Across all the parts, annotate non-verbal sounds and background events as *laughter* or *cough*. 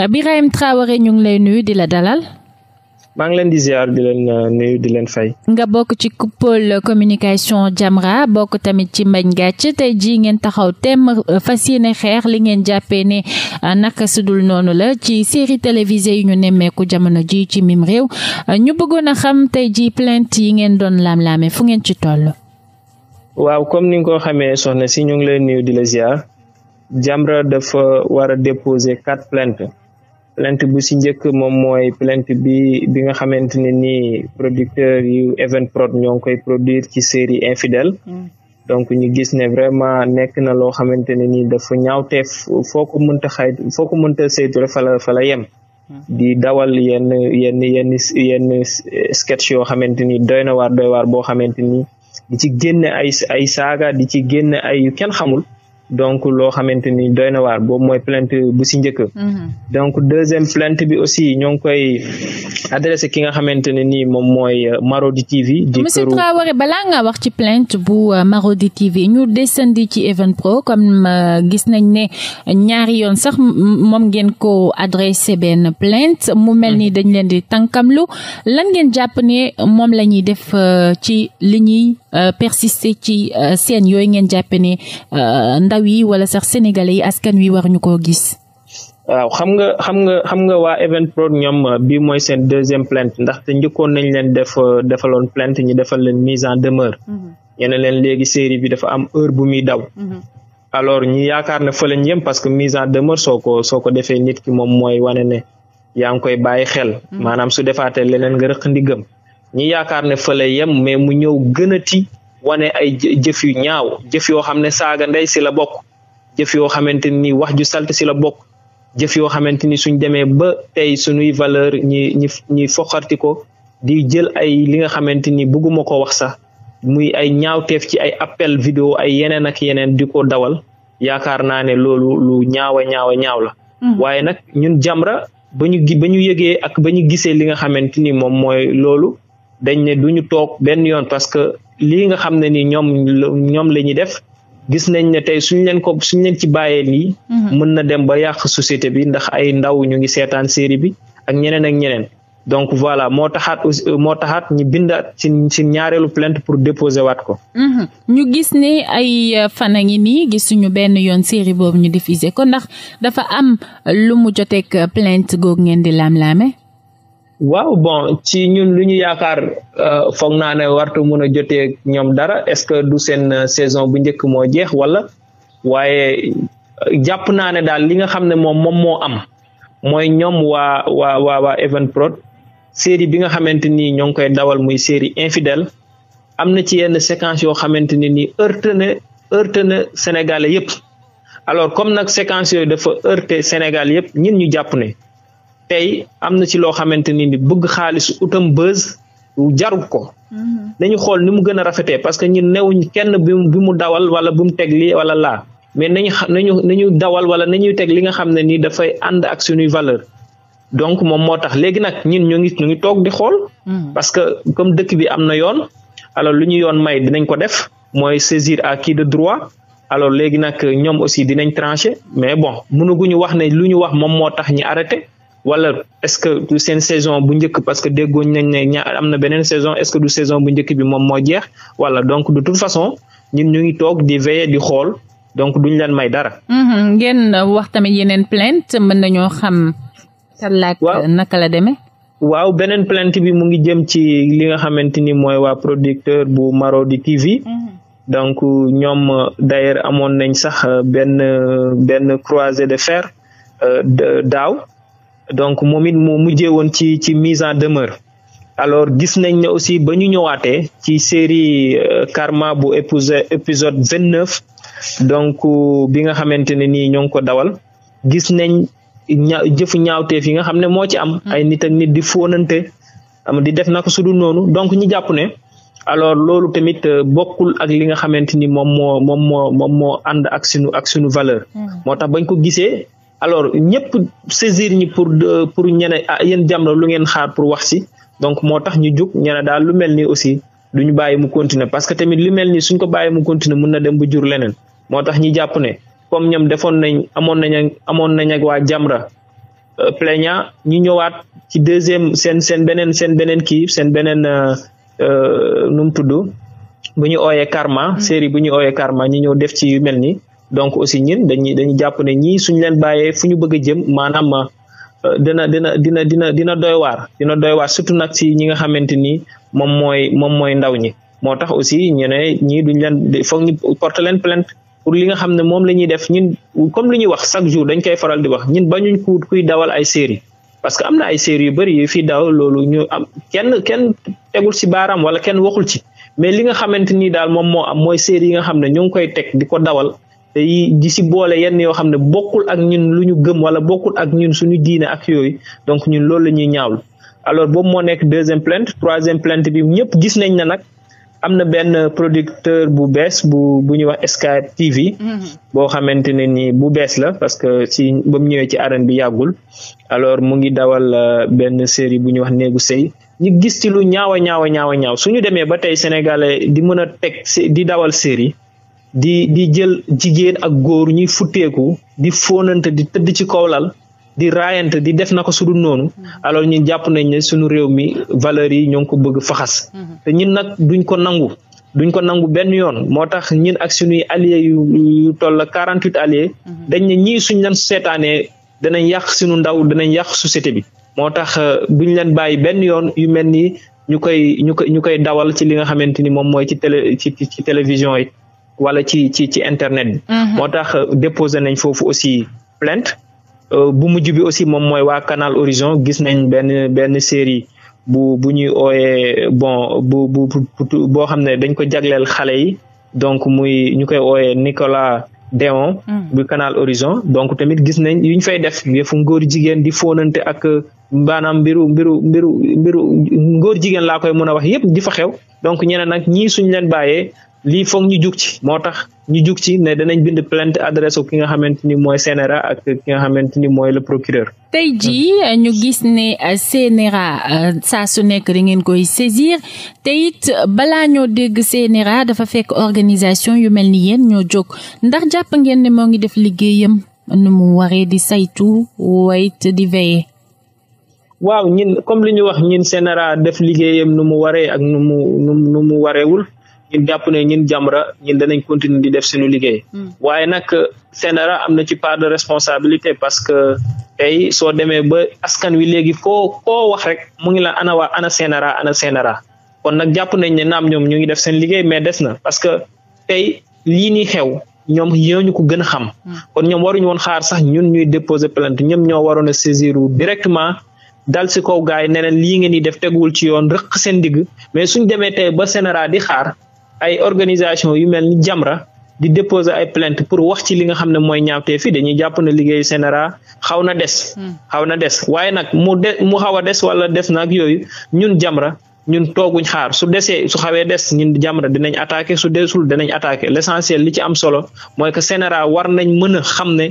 Euh, Birahim Traoré ñu ngi lay nuyu di la dalal. maa ngi leen di ziar di leen euh, nuyu di leen fay. nga bokk ci pôle communication Jamra bokk tamit ci mbañ gàcc tey jii ngeen taxaw temm euh, fas yéene xeex li ngeen jàppee ne naka sudul noonu la ci série télévisée yu ñu nemmeeku jamono ji ci mim réew ñu bëggoon a xam tey jii plainte yi ngeen doon laam-laame fu ngeen ci toll. waaw comme ni nga ko xamee soxna si ñu ngi lay nuyu di la ziar Jamra dafa wara a déposer quatre plainte bu si njëkk moom mooy plainte bi bi nga xamante ne nii producteur yu Evenprod ñoo ngi koy produire ci série Infidèles hmm. donc ñu gis ne vraiment nekk na loo xamante ne nii dafa ñaawteef te ko mënta xayt foo ko mënta saytu rek fa la fa la yem hmm. di dawal yenn yen yenn yenn sketch yoo xamante ni doy doy waar boo xamante ni di ci génn ay saaga di ci génn ay yu kenn xamul donc loo xamante ni doy na waar boobu mooy plainte bu si njëkk mhm. donc deuxième plainte bi aussi ñoo ngi koy adressé ki nga xamante ne nii moom mooy euh, Marodi TV di monsieur Traoré balaa nga wax ci plainte bu euh, Marodi TV ñu descendi ci Evenpro comme euh, gis nañ ne ñaari yoon sax moom ngeen ko adressé benn plainte mu mel ni mhm. dañ leen di tànkamlu lan ngeen jàpp ne moom la ñuy def ci li ñuy persister ci seen yooyu ngeen jàpp ne ndaw yi wala sax sénégalais yi askan wi war ñu koo gis. waaw xam nga xam nga wa nga waa Evenprod ñoom euh, bii mooy seen deuxième ndax ndaxte njëkkoon nañ leen def euh, defaloon plainte ñu defal leen mise en demeure. Mhm. ñu ne leen léegi série bi dafa am heure bu muy daw. Mhm. alors ñu yaakaar ne fa lañ yem parce que mise en demeure soo ko soo ko defee nit ki moom mooy wane ne yaa ngi koy bàyyi xel. Mhm. maanaam su defaatee leneen nga rëq ndigam. ñi yaakaar ne fa yem mais mu ñëw gënati wane ay jëf yu ñaaw jëf yoo xam ne saaga ndey si la bokk jëf yoo xamante ni wax ju salte si la bokk jëf yoo xamante ni suñ demee ba tey suñuy valeur ñi ñi ñuy foqarti ko di jël ay li nga xamante ni bëgguma ko wax sax muy ay ñaawteef ci ay appel vidéo ay yeneen ak yeneen di ko dawal yaakaar naa ne loolu lu ñaawa ñaawa ñaaw la mm. waaye nag ñun Jamra ba ñu ba yëgee ak ba ñu gisee li nga xamante ni moom mooy loolu dañ ne ñu toog benn yoon parce que lii nga xam ne ni ñoom ñoom la ñuy def gis nañ ne tey suñ leen ko suñ leen ci bàyyee nii. Mhm. mën na dem ba yàq société bi ndax ay ndaw ñu ngi seetaan série bi ak ñeneen ak ñeneen donc voilà moo taxaat aussi moo taxaat ñu bind ci ci ñaareelu plainte pour déposer waat ko. Mhm. ñu gis ne ay euh, fan a ngi nii gisuñu benn yoon série boobu ñu diffusé ko ndax dafa am euh, lu mu joteeg plainte goog ngeen di laam-laame. waaw bon ci ñun lu ñu yaakaar euh, foog naa ne wartu mën a jotee ñoom dara est-ce que du seen euh, saison bu njëkk moo jeex wala waaye euh, jàpp naa ne daal li nga xam ne moom moom moo am mooy ñoom waa waa waa waa Evenprod série bi nga xamante ni ñoo ngi koy dawal muy série infidèle am na ci yenn séquence yoo xamante ne nii heurte na heurte na Sénégalais yëpp alors comme nag séquence yooyu dafa heurte Sénégal yëpp ñun ñu jàpp ne tey am na ci loo xamante ni bëgg xaalis utam bës jarut ko. Mm-hmm. nañu xool ni mu gën a rafetee parce que ñun newuñ kenn bi mu bi mu dawal wala bu mu teg lii wala laa mais nañu nañu nañu dawal wala nañuy teg li nga xam ne nii dafay ànd ak suñuy valeur donc moom moo tax léegi nag ñun ñu ngi ñu ngi toog di xool. Mm-hmm. parce que comme dëkk bi am na yoon alors lu ñu yoon may dinañ ko def mooy saisir à qui de droit alors léegi nag ñoom aussi dinañ tranché mais bon mënaguñu wax ne lu ñu wax moom moo tax ñi arrêté. wala est-ce que du seen saison bu njëkk parce que déggooñ nañ ne ña am na beneen saison est-ce que du saison bu njëkk bi moom moo jeex wala donc de toute façon ñun ñu ngi toog di veiller di xool donc duñ leen may dara. Mhm, ngeen wax tamit yeneen plainte mën nañoo xam. waaw naka la deme waaw beneen plainte bi mu ngi jëm ci li nga xamante ni mooy waa producteur bu Marodi TV. Mhm. donc ñoom d'ailleurs amoon nañ sax euh, benn euh, benn croisée de fer euh, daaw. donc moom it mu mujjee woon ci ci mise en demeure alors gis nañ ne aussi ba ñu ñëwaatee ci série euh, Karma bu épisode épisode vingt neuf donc euh, bi nga xamante ne nii ñoo ngi ko dawal gis nañ ña jëfu ñaawteef yi nga xam ne moo ci am. Hmm. ay nit ak di fóonante am di def naka su dul noonu donc ñu jàpp ne alors loolu tamit euh, bokkul ak li nga xamante ni moom moo moom moo moom moo ànd ak sunu ak sunu valeur. Hmm. moo tax bañ ko gisee. alors ñëpp saisir ñi pour pour ñene ah yéen Jamra lu ngeen xaar pour wax si donc moo tax ñu jug ñene daal lu mel ni aussi du ñu bàyyi mu continuer parce que tamit lu mel ni suñ ko bàyyi mu continuer mun na dem bu jur leneen moo tax ñi jàpp ne comme ñoom defoon nañ amoon nañ amoon nañ ak waa Jamra euh, plaignant ñu ñëwaat ci deuxième seen seen beneen seen beneen kii seen beneen euh, euh, nu mu tudd bu ñu ooyee karma mm. série bu ñu ooyee karma ñi ñëw def ci yu mel ni donc aussi ñun dañuy dañuy jàpp ne ñii suñu leen bàyyee fu ñu bëgg a jëm maanaam euh, dina dina dina dina dina doy waar dina doy waar surtout nag ci ñi nga xamante ni moom mooy moom mooy ndaw ñi moo tax aussi ñu ne ñii duñ leen foog ñu porter leen pour li nga xam ne moom la ñuy def ñun comme li ñuy wax chaque jour dañ koy faral di wax ñun bañu ku kuy dawal ay série parce que am na ay série yu bëri yu fi daw loolu ñu am kenn kenn tegul ci baaraam wala kenn waxul ci mais li nga xamante ni daal moom moo am mooy série yi nga xam ne ñu ngi koy teg di ko dawal di si boole yenn yoo xam ne bokkul ak ñun lu ñu gëm wala bokkul ak ñun suñu diine ak yooyu donc ñun loolu la ñuy ñaawlu alors boobu moo nekk deuxième plainte troisième plainte bi ñëpp gis nañ ne nag am na benn producteur bu bees bu bu ñuy wax Sky TV. Mhm. boo xamante ne ni bu bees la parce que si ba mu ñëwee ci arène bi yàggul alors mu ngi dawal euh, benn série bu ñuy wax neegu sëy ñu gis ci lu ñaaw a ñaaw a ñaaw a ñaaw suñu demee ba tey sénégalais di mën a teg di dawal série di di jël jigéen ak góor ñuy futteeku di fóonante di tëdd ci kaw di raayante di def na ko sudu noonu mm-hmm. alors ñi jàpp nañ ne suñu réew mi valeurs yi ñoo ngi ko bëgg faxas mm-hmm. te ñun nag duñ ko nangu duñ ko nangu benn yoon moo tax ñun ak suñuy alliés yu yu toll quarante huit alliés mm-hmm. dañ ne ñii suñ leen seetaanee danañ yàq suñu ndaw danañ yàq société bi moo tax euh, duñ leen bàyyi benn yoon yu mel ni ñu koy ñu koy ñu koy dawal ci li nga xamante ni moom mooy ci télé ci ci télévision yi wala ci ci ci internet bi. Mhm. moo tax euh, déposé nañ foofu aussi plainte euh, bu mujj bi aussi moom mooy waa kanal Horizon gis nañ benn benn série bu bu ñuy ooyee bon bu bu boo xam ne dañ ko jagleel xale yi donc muy ñu koy ooyee Nicolas Déon. Mhm. bu Canal Horizon donc tamit gis nañ yu ñu fay def yëfu ngóor jigéen di fóonante ak euh, maanaam mbiru mbiru mbiru mbiru ngóor jigéen laa koy mën a wax yëpp di fa xew donc ñeneen nag ñii suñ leen lii foog ñu jug ci moo tax ñu jug ci ne danañ bind plainte adresse ki nga xamante ni mooy CNRA ak ki nga xamante ni mooy la procureur. tey jii ñu gis ne CNRA euh, euh, saa su nekk da ngeen koy saisir te it balaa ñoo dégg seeneera dafa fekk organisation yu mel ni yéen ñoo jóg ndax jàpp ngeen ne moo ngi def liggéeyam nu mu waree di saytu wayt di veiller. waaw ñin comme li ñu wax ñin CNRA def liggéeyam nu mu waree ak nu mu nu mu warewul ñun jàpp ne ñun Jamra ñun danañ continuer di def suñu liggéey hmm. waaye nag CNRA euh, am na ci part de responsabilité parce que tey soo demee ba askan wi léegi koo koo wax rek mu ngi la ana waa ana CNRA ana CNRA kon nag jàpp nañ ne naam ñoom ñu ngi def seen liggéey mais des na parce que tey lii ni xew ñoom ñooñu ko gën a xam hmm. ñoom waruñu woon xaar sax ñun ñuy déposer plainte ñoom ñoo waroon a saisir directement dal si kaw gars yi ne lii ngeen di def teguwul ci yoon rëq seen di xaar ay organisation yu mel ni Jamra di déposer ay plainte pour wax ci li nga xam ne mooy ñaawtee fii dañuy jàpp na liggéeyu CNRA xaw na des hmm. xaw na des waaye nag mu de mu xaw a des wala des nag yooyu ñun Jamra ñun tooguñ xaar su desee su xawee des ñun Jamra dinañ attaqué su desul dinañ attaqué l'essentiel li ci am solo mooy que CNRA war nañ mën a xam ne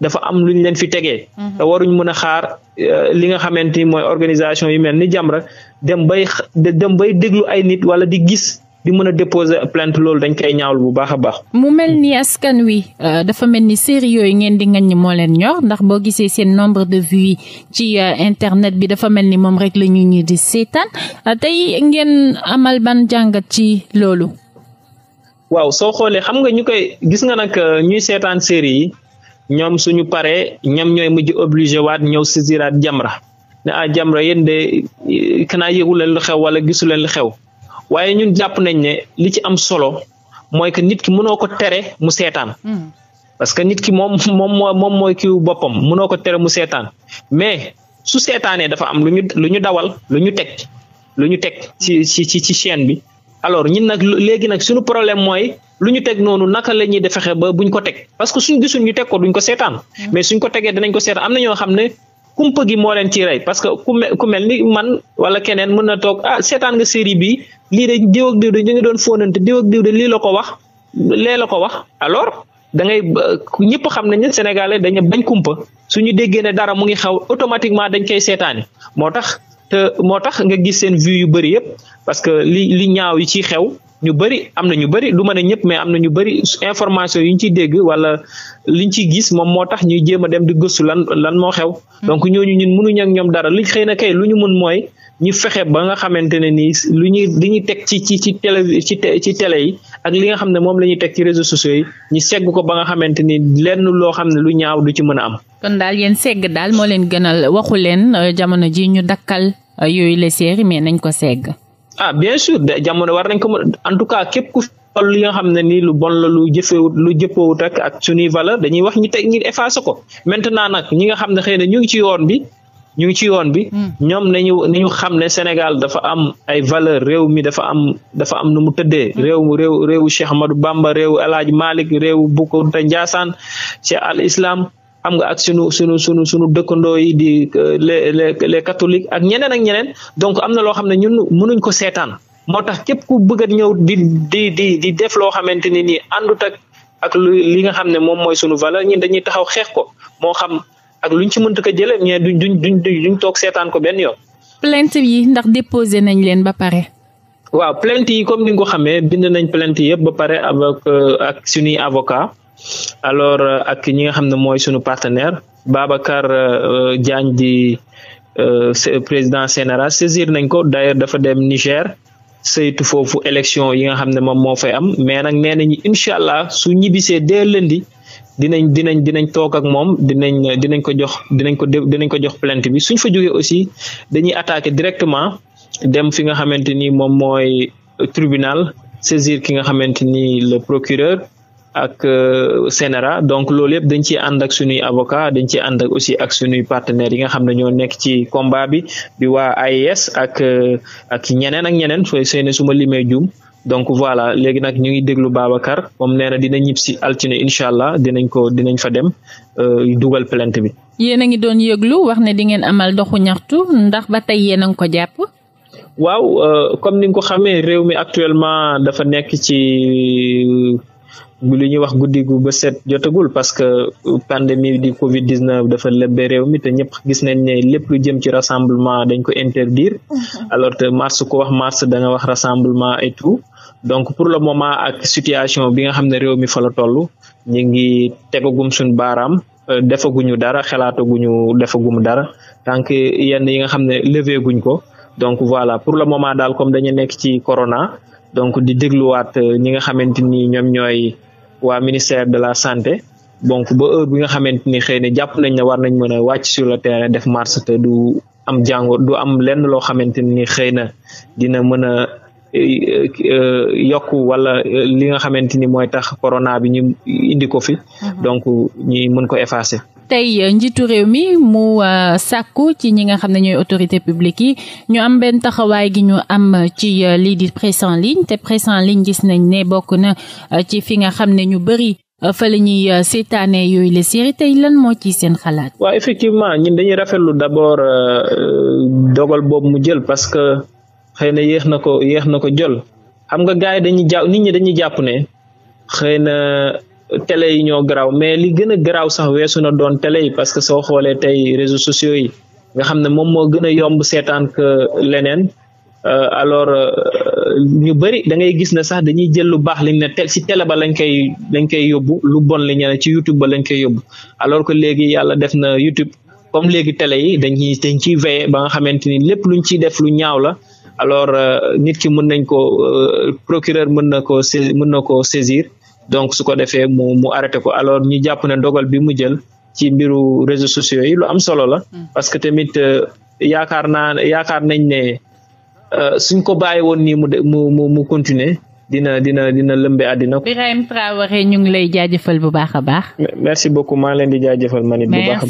dafa am luñ leen fi tegee hmm. mën a xaar euh, li nga xamante ni mooy organisation yu mel ni Jamra dem bay dem bay déglu ay nit wala di gis di mën a déposer plainte loolu dañ koy ñaawul bu baax a baax. mu mel ni askan wi euh, dafa mel ni série yooyu ngeen di ngañ moo leen ñor ndax boo gisee seen nombre de vue ci euh, internet bi dafa mel ni moom rek la ñu ñu di seetaan euh, tey ngeen amal ban jàngat ci loolu. waaw soo xoolee xam nga ñu koy gis nga nag ñuy seetaan série yi ñoom suñu paree ñam ñooy mujj obligé waat ñëw saisiraat Jamra ne ah Jamra yéen de kanaa yëgu leen lu xew wala gisu leen lu xew waaye ñun jàpp nañ ne li ci am solo mooy que nit ki munoo ko tere mu seetaan. Hmm. parce que nit ki moom moom moom mooy kiw boppam munoo ko tere mu seetaan mais su seetaanee dafa am lu ñu lu ñu dawal lu ñu teg lu ñu teg ci ci ci ci chaîne bi alors ñun nag léegi nag sunu problème mooy lu ñu teg noonu naka la ñuy fexe ba buñ ko teg parce que suñ gisul ñu teg ko duñ ko seetaan hmm. mais suñ ko tegee danañ ko seetaan am na ñoo xam ne kumpa gi moo leen ciy rey parce que ku ku mel ni man wala keneen mën na toog ah seetaan nga série bi lii de diw ak diw de ñu ngi doon fóonante diw ak diw de lii la ko wax lee la ko wax alors da ngay ñëpp xam nañu ne sénégalais dañ bañ kumpa ñu déggee ne dara mu ngi xaw automatiquement dañ koy seetaani moo tax te moo tax nga gis seen vues yu bëri yëpp parce que li li ñaaw yi ci xew ñu bëri am na ñu bëri du ma ne ñëpp mais am na ñu bëri information yi ñu ciy dégg wala liñ ci gis moom moo tax ñuy jéem a dem di gëstu lan lan moo xew hmm. donc ñooñu ñun mënuñ ñoom dara li xëy na lu ñu mun mooy ñu fexe ba nga xamante ne nii lu ñuy li ñuy teg ci ci ci télé ci ci télé yi ak li nga xam ne moom la ñuy teg ci réseau sociaux yi ñu segg ko ba nga xamante ni lenn loo xam ne lu ñaaw du ci mën a am. kon daal yéen segg daal moo leen gënal waxu leen euh, jamono ji ñu dakkal euh, yooyu la série mais nañ ko segg. ah bien sûr de jamono war nañ ko mën en tout cas képp ku li nga xam ne nii lu bon la lu jëfewut lu jëppowut ak ak suñuy valeur dañuy wax ñu teg ñu effacé ko maintenant nag ñi nga xam ne xëy na ñu ngi ci yoon bi ñu ngi ci yoon bi hmm. ñoom nañu ñu xam ne Sénégal dafa am ay valeur réew mi dafa am dafa am nu mu tëddee hmm. réew réew réewu Cheikh Ahmadou Bamba réewu El Hadj Malick réewu Boukounta Ndiassane Cheikh Al Islam am nga ak sunu sunu sunu sunu dëkkandoo yi di le euh, le les catholiques ak ñeneen ak ñeneen donc am na loo xam ne ñun mënuñ ko seetaan moo tax képp ku bëgg a ñëw di di di di def loo xamante ni nii àndut ak ak li nga xam ne moom mooy sunu valeur ñi dañuy taxaw xeex ko moo xam ak luñ ci mënta ko jëlee mais duñ duñ duñ duñ toog seetaan ko benn yoon. plainte yi ndax déposé nañ leen ba pare. waaw plainte yi comme ni nga ko xamee bind nañ plainte yëpp ba pare avec euh, ak suñuy avocat alors euh, ak ñi nga xam ne mooy suñu partenaire Babacar euh, euh, Diagne di président CNRA saisir nañ ko d'ailleurs dafa dem Niger saytu foofu élection yi nga xam ne moom moo fay am mais nag nee nañu incha allah su ñibbisee dee lundi dinañ dinañ dinañ toog ak moom dinañ dinañ ko jox dinañ ko dinañ ko jox plainte bi suñ fa jógee aussi dañuy attaquer directement dem fi nga xamante ni moom mooy tribunal saisir ki nga xamante ni le procureur ak CNRA euh, donc loolu yëpp dañ ci ànd ak suñuy avocat dañ ci ànd aussi ak suñuy partenaires yi nga xam ne ñoo nekk ci combat bi di waa AIS e ak euh, ak ñeneen ak ñeneen fooy suma limee juum donc voilà léegi nag ñu ngi déglu Babacar moom nee dina ñib si altine incha allah dinañ ko dinañ fa dem euh, dugal plainte bi. yéen ngi doon yëglu wax ne ngeen amal doxu ñaxtu ndax ba tey yéen a ngi ko jàpp. waaw comme ni nga ko xamee réew mi actuellement dafa nekk ci. li ñuy wax guddi gu ba set jotagul parce que euh, pandémie di Covid 19 dafa lebbe réew mi te ñëpp gis nañ ne lépp lu jëm ci rassemblement dañ ko interdire *laughs* alors que mars ko wax mars da wax rassemblement et tout donc pour le moment ak situation bi nga xam ne réew mi fa la toll ñu ngi tegagum suñ baaraam euh, defaguñu dara xalaataguñu defagum dara tant que yi nga xam ne levé guñ ko donc voilà pour le moment daal comme dañu nekk ci corona donc di dégluwaat euh, ñi nga xamante ni ñoom ñooy. wa ministère de la santé donc ba heure bi nga xamante ni xëy na jàpp nañ ne war nañ mën a wàcc sur le terrain def marche te du am jàngoor du am lenn loo xamante ni xëy na dina mën a eh, eh, yokk wala eh, li nga xamante ni mooy tax corona bi ñu indi ko fi mhm. donc ñi mën ko effacer tey eh, njiitu réew mi mu eh, sàkku ci ñi nga xam ne ñooy autorité publique yi ñu am benn taxawaay gi ñu am ci eh, lii di presse en ligne te présent en ligne gis nañ ne bokk na ci fi nga xam ne ñu bëri fa la ñuy seetaane yooyu la série tey lan moo ci seen xalaat. waa effectivement ñun dañuy rafetlu d'abord euh, dogal boobu mu jël parce que xëy na yéex na ko yéex na ko jol xam nga gars yi dañuy ñi dañuy jàpp ne xëy na télé yi ñoo garaaw mais li gën a garaaw sax weesu na doon télé yi parce que soo xoolee tey réseaux sociaux yi nga xam ne moom moo gën a yomb seetaan que leneen euh, alors euh, ñu bëri da ngay gis ne sax dañuy jël lu baax liñ ne tel si télé ba lañ koy lañ koy yóbbu lu bon li ñu ci YouTube ba lañ koy yóbbu alors que léegi yàlla def na YouTube comme léegi télé yi dañ ciy veillé ba nga xamante ni lépp luñ ciy def lu ñaaw la alors euh, nit ki mun nañ ko procureur mën na ko mën na ko saisir donc su ko defee mu mu arrêté ko alors ñu jàpp ne dogal bi mu jël ci mbiru réseaux sociaux yi lu am solo la. Mm. parce que tamit euh, yaakaar naa yaakaar nañ ne euh, suñ ko bàyyi woon nii mu mu mu mu continuer dina dina dina lëmbe àddina. Birahim Traoré ñu ngi lay jaajëfal bu baax a baax. merci beaucoup maa leen di jaajëfal man it baax.